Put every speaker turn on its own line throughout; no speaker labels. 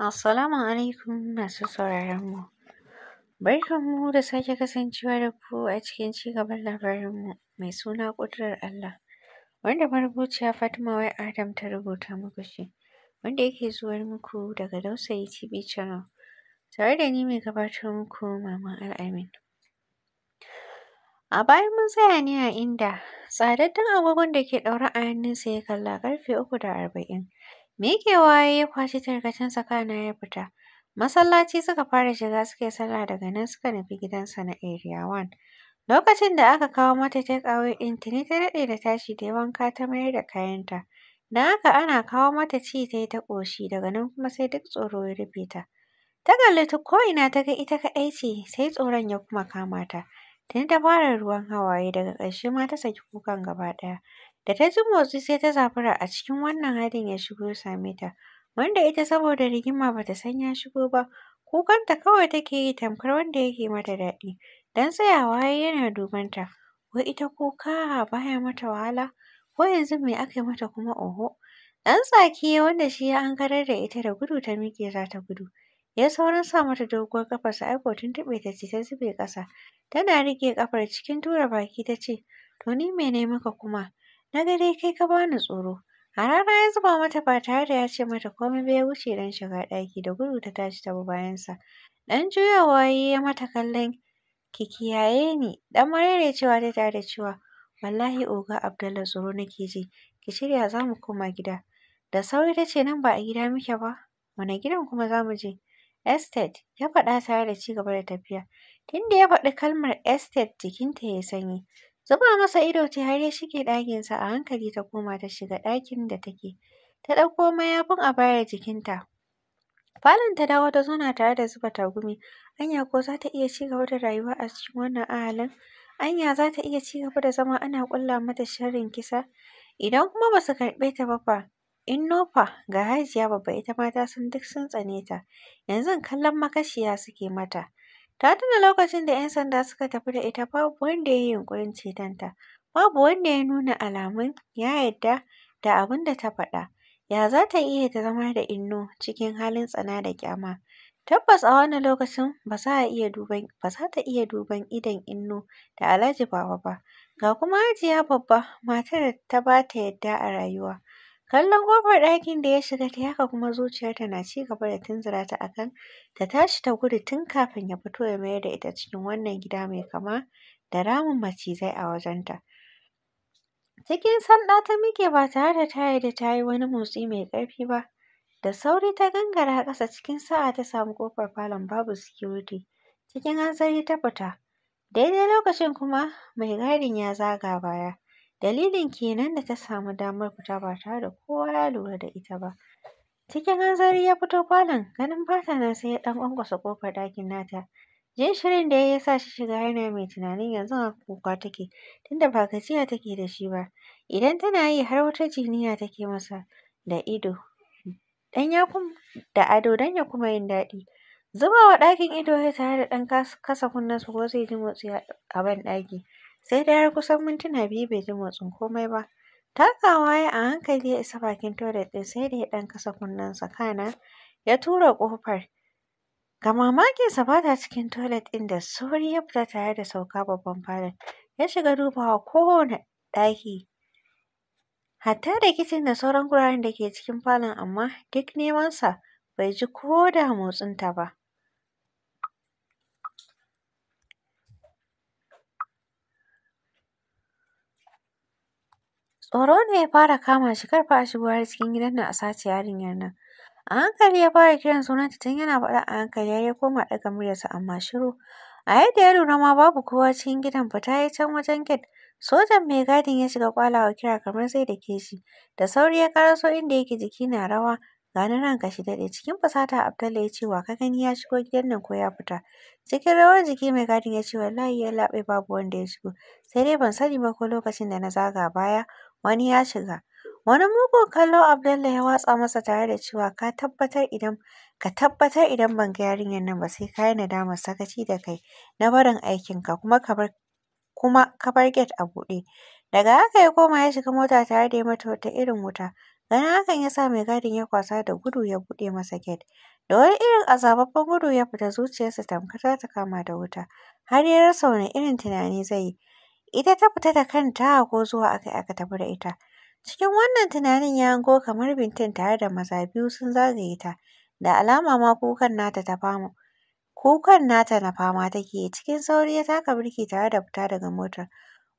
Assalamu alaikum masu sauraron mu. Barkan mu da sake kasancewa da ku a cikin ci gaban labarin mu mai suna ƙudurar Allah wanda marubuciya Fatima wai Adam ta rubuta muku shi wanda yake zuwar muku daga Dausayi TV Channel tare da ni mai gabatar muku Maman Al-Amin. A baya mun tsaya ne a inda tsadaddan agogon da ke ɗaure a hannunsa ya kalla karfe uku da arba'in Mikewa ya yi kwashe kwashi tarkacensa kana ya fita. Masallaci suka fara shiga suke yi sallah daga nan suka nufi gidansa na Area One. Lokacin da aka kawo mata take away ɗin tuni ta daɗe da tashi ta yi wanka ta mayar da kayanta. Don haka ana kawo mata ci ta yi ta ƙoshi daga nan kuma sai duk tsoro ya rufe ta. Ta kalli ta ina ta ga ita kaɗai ce sai tsoron ya kuma kama ta. Tuni ta fara ruwan hawaye daga ƙarshe ma ta saki kukan gaba ɗaya. Da ta ji motsi sai ta zafura a cikin wannan halin ya shigo ya same ta. Wanda ita saboda rigima ba ta san ya shigo ba. Kukanta kawai take yi tamkar wanda yake mata daɗi. Dan tsayawa ya yana duban ta. Wai ita kuka baya mata wahala? Ko yanzu me aka yi mata kuma oho? Ɗan tsaki wanda shi ya ankarar da ita da gudu ta miƙe za ta gudu. Ya saurin sa mata doguwar ƙafarsa aiko tuntuɓe ta ce ta zube ƙasa. Tana riƙe ƙafar cikin tura baki ta ce, to ni me ne maka kuma? Na ga kai ka bani tsoro. A rana ya zuba mata ba tare da ya ce mata komai ba ya wuce don shiga ɗaki da gudu ta tashi ta bi bayansa. Ɗan juyawa ya yi mata kallon ki kiyaye ni. Ɗan cewa ta tare da cewa wallahi oga Abdallah tsoro nake ji. Ki shirya za mu koma gida. Da sauri ta ce nan ba a gida muke ba. Wane gidan kuma za mu je? Estate ya faɗa tare da ci gaba da tafiya. Tunda ya faɗi kalmar estate jikinta ya sanyi. Zuba masa ido ta har ya shige ɗakinsa a hankali ta koma ta shiga ɗakin da take. Ta ɗauko mayafin a jikin jikinta. Falon ta dawo ta zauna tare da zuba tagumi. Anya ko za ta iya cigaba da rayuwa a cikin wannan ahalin? Anya za ta iya ci gaba da zama ana ƙulla mata sharrin kisa? Idan kuma ba su karɓe ta ba fa? In no fa? Ga Hajiya babba ita ma ta san duk sun tsane ta. Yanzu kallon makashiya suke mata. Ta tuna lokacin da 'yan sanda suka tafi da ita babu wanda ya yi yunƙurin cetonta, babu wanda ya nuna alamun ya yadda da abin da ta faɗa. Ya za ta iya ta zama da Inno cikin halin tsana da ƙyama? Tabbas a wannan lokacin ba za ta iya duban idon Inno da Alhaji Baba ba, ga kuma Hajiya babba matar da ta ba ta yarda a rayuwa. Kallon ƙofar ɗakin da ya shiga ta haka kuma zuciyarta na ci gaba da tunzura ta a ta tashi ta gudu tun kafin ya fito ya mayar da ita cikin wannan gida mai kama da ramin macizai a wajenta. Cikin sanda ta miƙe ba tare da ta yarda ta yi wani motsi mai ƙarfi ba. Da sauri ta gangara ƙasa cikin sa'a ta samu ƙofar falon babu sikiriti. Cikin hanzari ta fita. Daidai lokacin kuma mai gadin ya zaga baya. Dalilin kenan da ta samu damar fita ba tare da kowa ya lura da ita ba. Cikin hanzari ya fito falon, ganin fata na sai ya ɗan ƙwanƙwasa ƙofar ɗakin nata. Jin shirin da ya yi ya sa shi shiga yana mai tunanin yanzu a kuka take, tunda ba gajiya take da shi ba. Idan tana yi har wata jiniya take masa da ido, dan ya da ado don ya kuma yin daɗi. Zubawa ɗakin ido ya tare da ɗan kasa kunnensu, ko zai ji motsi a ban ɗaki. sai da har kusan mintuna biyu bai ji motsin komai ba takawa ya a hankali ya isa bakin toilet ɗin sai da ya ɗan kasa kunnensa kana ya tura ƙofar ga mamakin sa cikin toilet ɗin da sauri ya fita tare da sauka babban falon ya shiga dubawa kowane ɗaki hatta da kicin da sauran guraren da ke cikin falon amma duk nemansa bai ji ko da motsinta ba Tsoro ne ya fara kama shi karfa a shigo har cikin gidan nan a sace yarinyar nan. A hankali ya fara kiran sunan ta tun yana faɗa a hankali har ya koma ɗaga muryarsa amma shiru. A yadda ya lura ma babu kowa cikin gidan fita ya can wajen gate. Sojan mai gadin ya shiga kwalawa kira kamar zai ke shi. Da sauri ya karaso inda yake jiki na rawa. Ga na ranka shi daɗe cikin fusata Abdallah ya ce wa ka gani ya shigo gidan nan ko ya fita. Cikin rawar jiki mai gadin ya ce wallahi laɓe babu wanda ya shigo. Sai dai ban sani ba ko lokacin da na zaga baya wani ya shiga. Wani mugun kallo Abdullahi ya watsa masa tare da cewa ka tabbatar idan ka tabbatar idan ban ga yarinyar nan ba sai ka yi nadamar sakaci da kai na barin aikinka kuma ka bar kuma ka bar gate a buɗe. Daga haka ya koma ya shiga mota tare da ya mata wata irin wuta. Ganin hakan ya sa mai gadin ya kwasa da gudu ya buɗe masa gate. Da wani irin azababben gudu ya fita zuciyarsa tamkar ta kama da wuta. Har ya rasa wani irin tunani zai yi. Ita ta fita da kanta ko zuwa aka yi aka tafi da ita. Cikin wannan tunanin ya hango kamar Bintin tare da maza biyu sun zagaye ta, da alama ma kukan nata ta fama. Kukan nata na fama take yi, cikin sauri ya taka birki tare da fita daga motar.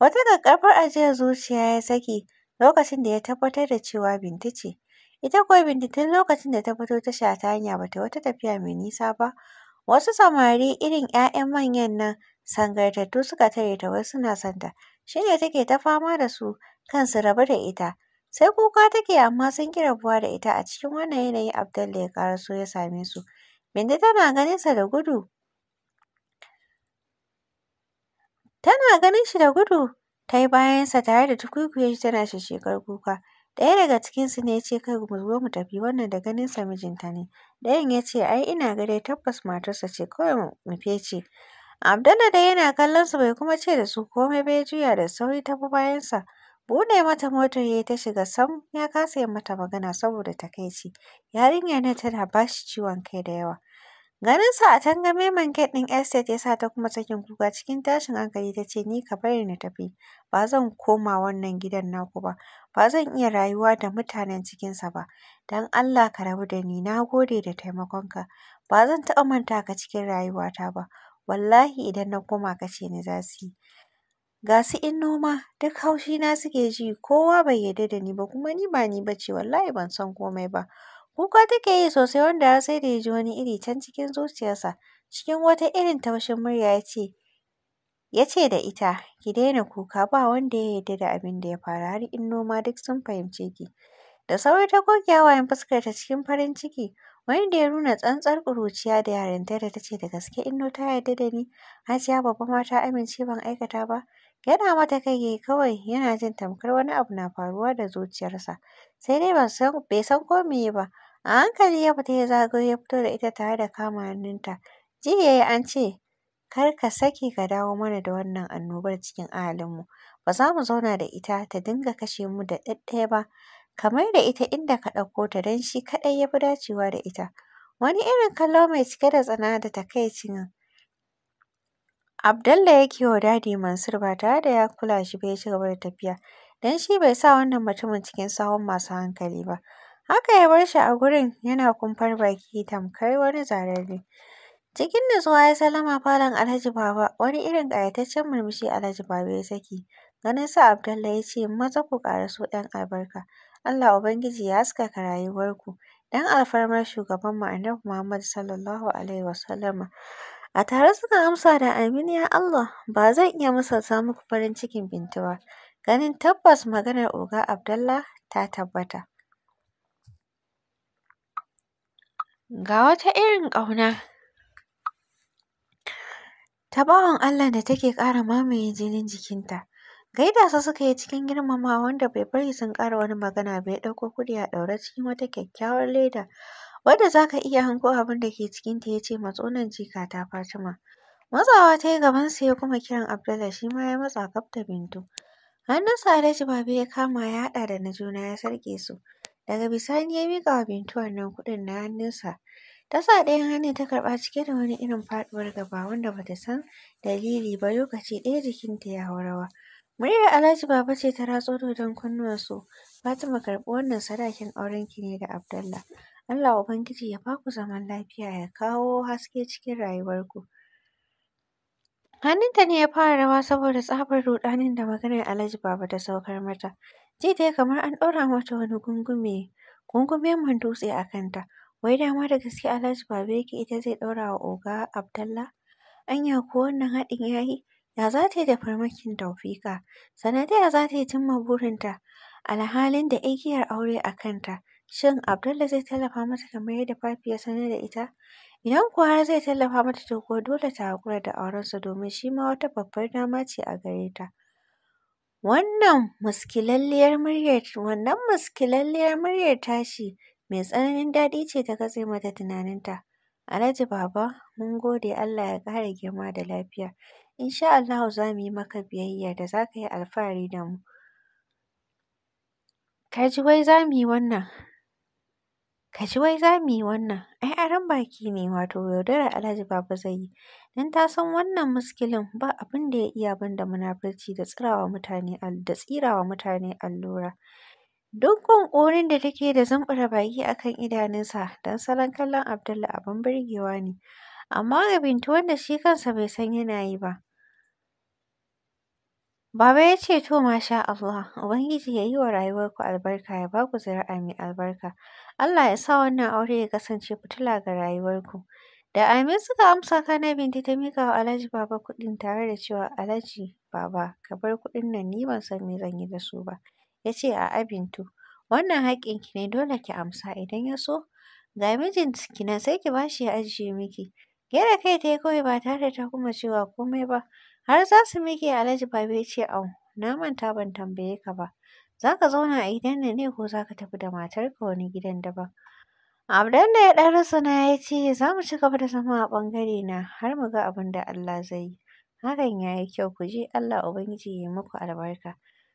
Wata ƙaƙƙarfar ajiyar zuciya ya saki lokacin da ya tabbatar da cewa bintu ce. Ita kuwa bintu tun lokacin da ta fito tasha ta hanya bata wata tafiya mai nisa ba. Wasu samari irin 'ya'yan manyan nan Sangartattu suka tare ta wai suna santa. ta. Shi ne take ta fama da su kan su rabu da ita. Sai kuka take amma sun ƙi rabuwa da ita a cikin wannan yanayi Abdul ya so ya same su. Bindi tana ganin sa da gudu. Tana ganin shi da gudu ta yi bayan sa tare da tukwikwiye shi tana shishshekar kuka. Ɗaya daga cikinsu ne ya ce kai mu zo mu tafi wannan da ganinsa mijinta ne. Ɗayan ya ce ai ina ga dai tabbas matarsa ce kawai mu fice. Abdallah dai yana kallon su bai kuma ce da su komai bai juya da sauri ta bi bayansa. Buɗe mata motar ya ta shiga sam ya kasa yin mata magana saboda takaici. Yarinyar ne tana ba shi ciwon kai da yawa. Ganin sa a tangame man gate ɗin estate yasa ta kuma sakin kuka cikin tashin hankali ta ce ni ka bari na tafi ba zan koma wannan gidan naku ba ba zan iya rayuwa da mutanen cikinsa ba don Allah ka rabu da ni na gode da ka ba zan taɓa manta ka cikin rayuwata ba Wallahi idan na koma kace ni za su yi. Ga su noma duk na suke ji kowa bai yarda da ni ba kuma ni ba ni bace, wallahi ban san komai ba. Kuka take yi sosai wanda har sai da ya ji wani iri can cikin zuciyarsa. Cikin wata irin taushin murya ya ce, ya ce da ita, ki daina kuka ba wanda ya yarda da abin da ya faru har in noma duk sun fahimce ki. Da sauri ta goge hawayen fuskarta cikin farin ciki. wanda ya nuna tsantsar ƙuruciya da yarinta da tace da gaske Inno ta yarda da ni, Hajiya babba ma ta amince ban aikata ba. Yana mata kai kawai yana jin tamkar wani abu na faruwa da zuciyarsa, sai dai bai san ko meye ba. A hankali ya fita ya zagayo ya fito da ita tare da kama hannunta. jiya ya yi an ce, kar ka sake ka dawo mana da wannan annobar cikin ahalinmu, ba za mu zauna da ita ta dinga kashe mu da ɗaiɗaya ba. kamar da ita inda ka ɗauko ta don shi kaɗai ya fi dacewa da ita. Wani irin kallo mai cike da tsana da takaicin ya yake wa Dadi Mansur ba tare da ya kula shi ba ya ci gaba da tafiya don shi bai sa wannan mutumin cikin sahun masu hankali ba. Haka ya bar shi a gurin yana kumfar baki tamkar wani zararre. Cikin nutsuwa ya salama falon Alhaji Baba wani irin ƙayataccen murmushi Alhaji Baba ya saki. Ganin sa Abdallah ya ce, "Maza ku karasu ɗan albarka, Allah Ubangiji ya haskaka rayuwarku, Dan alfarmar shugaban mu Annabi Muhammad Sallallahu Alaihi Wasallama." A tare suka amsa da amin ya Allah, ba zan iya misalta muku farin cikin Bintu ba, ganin tabbas maganar Oga Abdallah ta tabbata. Ga wata irin ƙauna ta bawan Allah da take ƙara mamaye jinin jikinta, Gaida su suka yi cikin girmamawa wanda bai bari sun ƙara wani magana ba ya ɗauko kuɗi a ɗaure cikin wata kyakkyawar leda wadda za ka iya hango abin da ke cikin ta ya ce matso nan jikata Fatima. Matsawa ta yi gaban gabansa ya kuma kiran Abdullahi, shi ma ya matsa gab da Bintu. Hannunsa Alhaji Babe ya kama ya haɗa da na juna ya sarƙe su. Daga bisani ya miƙa wa Bintu wannan kuɗin na hannunsa. Ta sa ɗayan hannun ta karɓa cike da wani irin faɗuwar gaba wanda bata san dalili ba lokaci ɗaya jikinta ya hau rawa. Muryar Alhaji Baba ce ta ratso dodon kunnuwansu. Fatima karɓi wannan sadakin aurenki ne da Abdallah. Allah Ubangiji ya baku zaman lafiya ya kawo haske cikin rayuwarku. Hannunta ne ya fara rawa saboda tsabar ruɗanin da maganar Alhaji Baba ta saukar mata. Ji dai kamar an ɗora mata wani gungume gungume man dutse a kanta. Wai dama da gaske Alhaji Baba yake ita zai ɗora wa Oga Abdallah? Anya ko wannan haɗin ya yi? Ya za ta yi da farmakin Taufika? sanadiyar za ta yi cimma burinta? Alhalin da igiyar aure a kanta. Shin Abdullah zai tallafa mata kamar yadda Fafi ya sanar da ita? Idan kuwa har zai tallafa mata to kuwa dole ta haƙura da aurensa domin shi ma wata babbar dama ce a gare ta. Wannan muskilalliyar muryar wannan muskilalliyar muryar tashi mai tsananin daɗi ce ta katse mata tunaninta. Alhaji Baba mun gode Allah ya ƙara girma da lafiya. Insha Allahu za mu yi maka biyayya da za ka yi alfahari da mu. Ka ji wai za mu yi wannan, ka ji wai za mu yi wannan, ai aron baki ne wato yaudarar Alhaji Baba zai yi. Don ta san wannan muskilin ba abin da ya iya ban da munafurci da tsirawa mutane da tsirawa mutane allura. Duk ƙunƙurin da take da zumbura baki a kan idanunsa don salon kallon Abdullahi, abin burgewa ne. Amma ga Bintu wanda shi kansa bai san yana yi ba, Baba ya ce to masha Allah, Ubangiji ya yi wa rayuwarku albarka ya ba ku zuri'a mai albarka. Allah ya sa wannan aure ya kasance fitila ga rayuwarku. Da Amin suka amsa kana binti ta mika wa Alhaji Baba kuɗin tare da cewa Alhaji Baba ka bar kuɗin nan ni ban san me zan yi da su ba. Ya ce a'a Bintu wannan haƙƙinki ne dole ki amsa idan ya so ga mijinki nan sai ki ba shi ya ajiye miki. Gyara kai ta yi kawai ba tare da ta kuma cewa komai ba. Har za su miƙe Alhaji Ba ya ce au, na manta ban tambaye ka ba. Za ka zauna a gidan nan ne ko za ka tafi da matarka wani gidan daban? da ya ɗan na ya ce za mu ci gaba da zama a ɓangare na har mu ga abin da Allah zai yi. Hakan ya yi kyau ku je Allah Ubangiji ya yi muku albarka.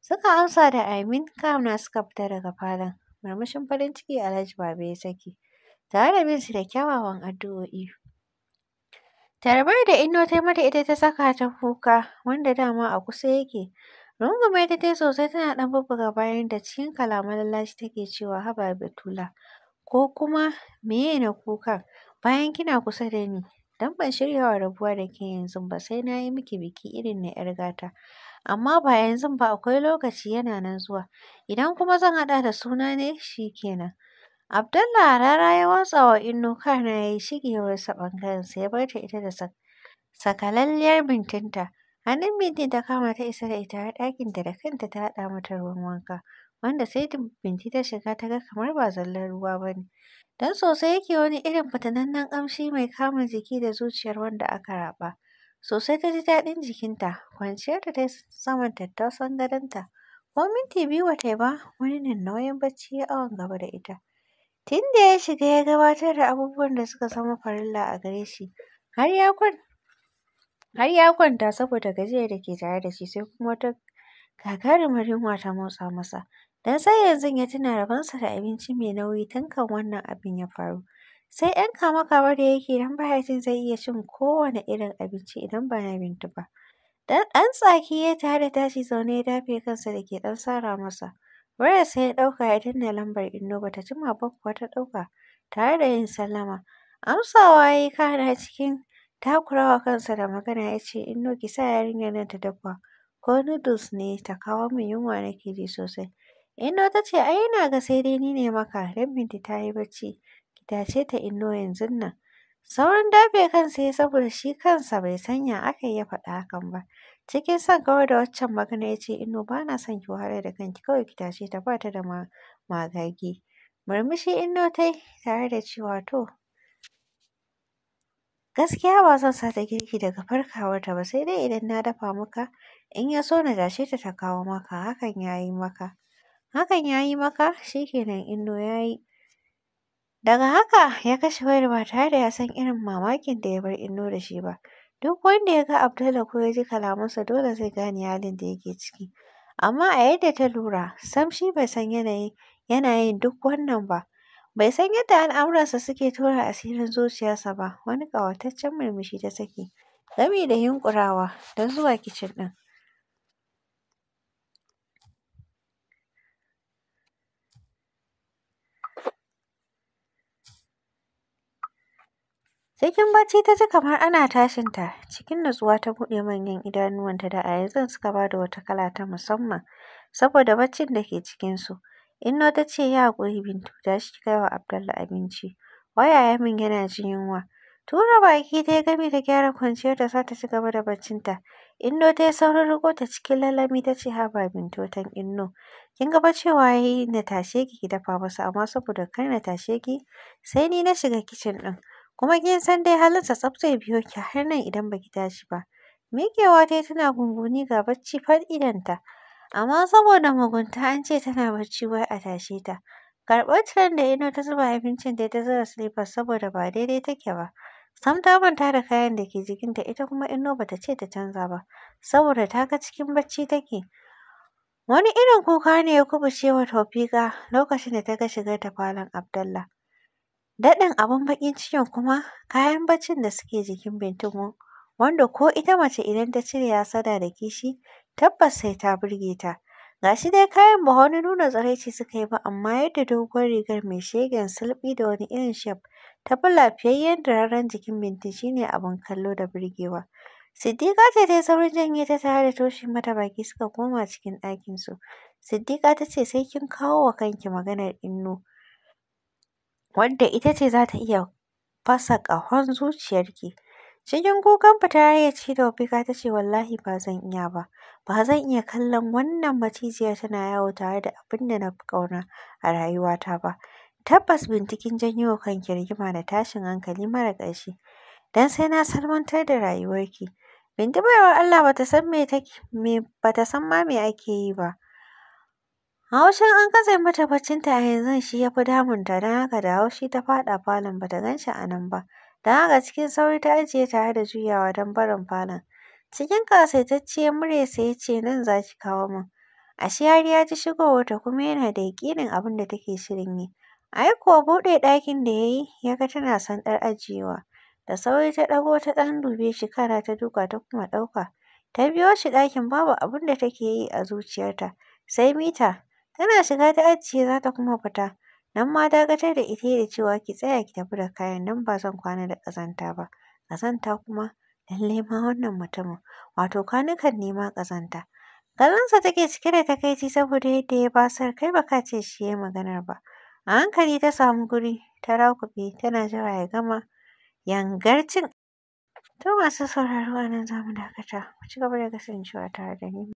Suka amsa da amin kamna suka fita daga falon. Murmushin farin ciki Alhaji babu ya saki. Tare da bin su da kyawawan addu'o'i. Tarbar da ino ta mata ita ta saka ta kuka, wanda dama a kusa yake. Rungume ta tai sosai tana ɗan bubbuga bayan da cikin kalaman lallashi take cewa haba Batula, ko kuma meye na kuka? bayan kina kusa da ni, don ban shirya wa rabuwa da ke yanzu ba sai na yi miki biki irin na ‘yar gata. Amma ba yanzu ba akwai lokaci yana nan zuwa, idan kuma zan haɗa da suna ne shi kenan. abdullah rara ya watsa wa Inno kana ya yi shigewarsa ɓangarensa ya bar ta ita da sakalalliyar bintinta. Hannun Binti ta kama ta isa da ita har ɗakinta da kanta ta haɗa mata ruwan wanka, wanda sai da Binti ta shiga ta ga kamar ba zallar ruwa ba ne. Don sosai yake wani irin fitinannen ƙamshi mai kama jiki da zuciyar wanda aka raɓa. Sosai ta ji daɗin jikinta, kwanciyarta ta yi saman tattausan gadonta. Ko minti biyu ba ta yi ba, wani nauyin bacci ya awon gaba da ita. Tun da ya shiga ya gabatar da abubuwan da suka zama farilla a gare shi har ya kwanta saboda gajiyar da ke tare da shi sai kuma wata gagarumar yunwa ta motsa masa. Don sai yanzu ya tuna rabonsa da abinci mai nauyi tun kan wannan abin ya faru. Sai yan kama kame-kame da yake don ba zai iya cin kowane irin abinci idan ba na Bintu ba. Ɗan tsaki ya tare tashi zaune ya dafe kansa da ke ɗan sara masa. sai ya ɗauka ya danna lambar Inno ba ta jima ba kuwa ta ɗauka tare da yin sallama. Amsawa ya yi kana cikin takurawa kansa da magana ya ce, Inno ki sa yarinyar nan ta dafa, ko noodles ne ta kawo min yunwa nake ji sosai. Inno ta ce, ai ina ga sai dai ni ne maka don Binta ta yi bacci, ki tashe ta Inno yanzun nan. Sauran dafe kansa ya saboda shi kansa bai sanya ya aka ya faɗi hakan ba. Cikin son kawar da waccan magana ya ce, ino ba na son ki wahalar da kanki kawai ki tashi ta bata da magagi. Murmushi ino ta yi tare da cewa to gaskiya ba zan sa ta girki daga farkawarta ba sai dai idan na dafa maka in ya so na dashe ta ta kawo maka hakan ya yi maka. Hakan ya yi maka shikenan ya yi. Daga haka ya kashe wayar ba tare da ya san irin mamakin da ya bar ino da shi ba. Duk wanda ya ga Abdallah ko ya ji kalamansa dole zai gane halin da yake ciki. Amma a yadda ta lura, sam shi bai san yanayin yana yin duk wannan ba. Bai san yadda al'amuransa suke tura asirin zuciyarsa ba. Wani ƙawataccen murmushi ta saki, gami da yunƙurawa don zuwa kicin ɗin. Cikin bacci ta ji kamar ana tashin ta cikin nutsuwa ta buɗe manyan idanuwanta da a yanzu suka ba da wata kala ta musamman saboda baccin da ke cikin su Inno ta ce yi haƙuri Bintu tashi ki kai wa Abdallah abinci, waya yaya min yana jin yunwa. Tura baki ta yi gami da gyara kwanciyarta za ta ci gaba da baccinta. Inno ta yi saurin riƙo ta cikin lalami ta ce haba Bintu tan Inno, kin ga fa cewa ya na tashe ki ki dafa masa amma saboda kar na tashe ki sai ni na shiga kicin ɗin. kuma kin san dai halinsa tsaf zai biyo ki har nan idan baki tashi ba. Miƙewa ta tana gunguni ga bacci far idonta, amma saboda mugunta an ce tana bacci wai a tashe ta. Karɓar tiren da Ino ta zuba abincin da ta zura silifas saboda ba daidai take ba. Sam ta manta da kayan da ke jikinta ita kuma Ino ba ta ce ta canza ba, saboda ta ga cikin bacci take. Wani irin kuka ne ya kubuce wa Taufiƙa lokacin da ta ga shigar ta falon Abdallah. Daɗin abin baƙin cikin kuma, kayan baccin da suke jikin bintinmu wanda ko ita mace idan ta cire hassada da kishi tabbas sai ta burge ta. Ga shi dai kayan ba wani nuna tsiraici suka yi ba amma yadda doguwar rigar mai shegen sulɓi da wani irin shaf ta bi lafiyayyen turaren jikin Bintu shi ne abin kallo da burgewa. Siddiƙa ce ta yi saurin janye ta tare da toshe mata baki suka koma cikin ɗakinsu. Siddiƙa ta ce sai kin kawo wa kanki maganar Innu. Wanda ita ce za ta iya fasa ƙahon zuciyarki. Cikin kukan fita ce da Wafika ta ce wallahi ba zan iya ba, ba zan iya kallon wannan macijiyar tana yawo tare da abin da na fi ƙauna a rayuwata ba. Tabbas bintikin janyo kan rigima da tashin hankali mara ƙarshe, don sai na salwantar da rayuwarki. Bintu baiwar Allah ba ta san ba ta san ma me ake yi ba. Haushin an katse mata baccinta a yanzu shi ya fi ta don haka da haushi ta fada falon ba ta gan shi a nan ba. Don haka cikin sauri ta ajiye tare da juyawa don barin falon. Cikin ƙasaitacciyar muryarsa ya ce nan za ki kawo min. Ashe har ya ji shigowarta kuma yana da yaƙinin abin da take shirin yi. Ai kuwa buɗe ɗakin da ya yi ya ga tana ɗar ajiyewa. Da sauri ta ɗago ta ɗan dube shi kana ta duka ta kuma ɗauka. Ta biyo shi ɗakin babu abin da take yi a zuciyarta sai mita Tana shiga ta ajiye za ta kuma fita. Nan ma dakatar da ita da cewa ki tsaya ki tafi da kayan don ba zan kwana da ƙazanta ba. Ƙazanta kuma lallai ma wannan mutumin wato kwanukan ne ma ƙazanta. Kallonsa take cike da takaici saboda yadda ya basar kai ba ka ce shi ya yi maganar ba. A hankali ta samu guri ta rakuɓe tana jira ya gama yangar cin. To masu sauraro a nan za mu dakata. Ku ci gaba da kasancewa tare da ni.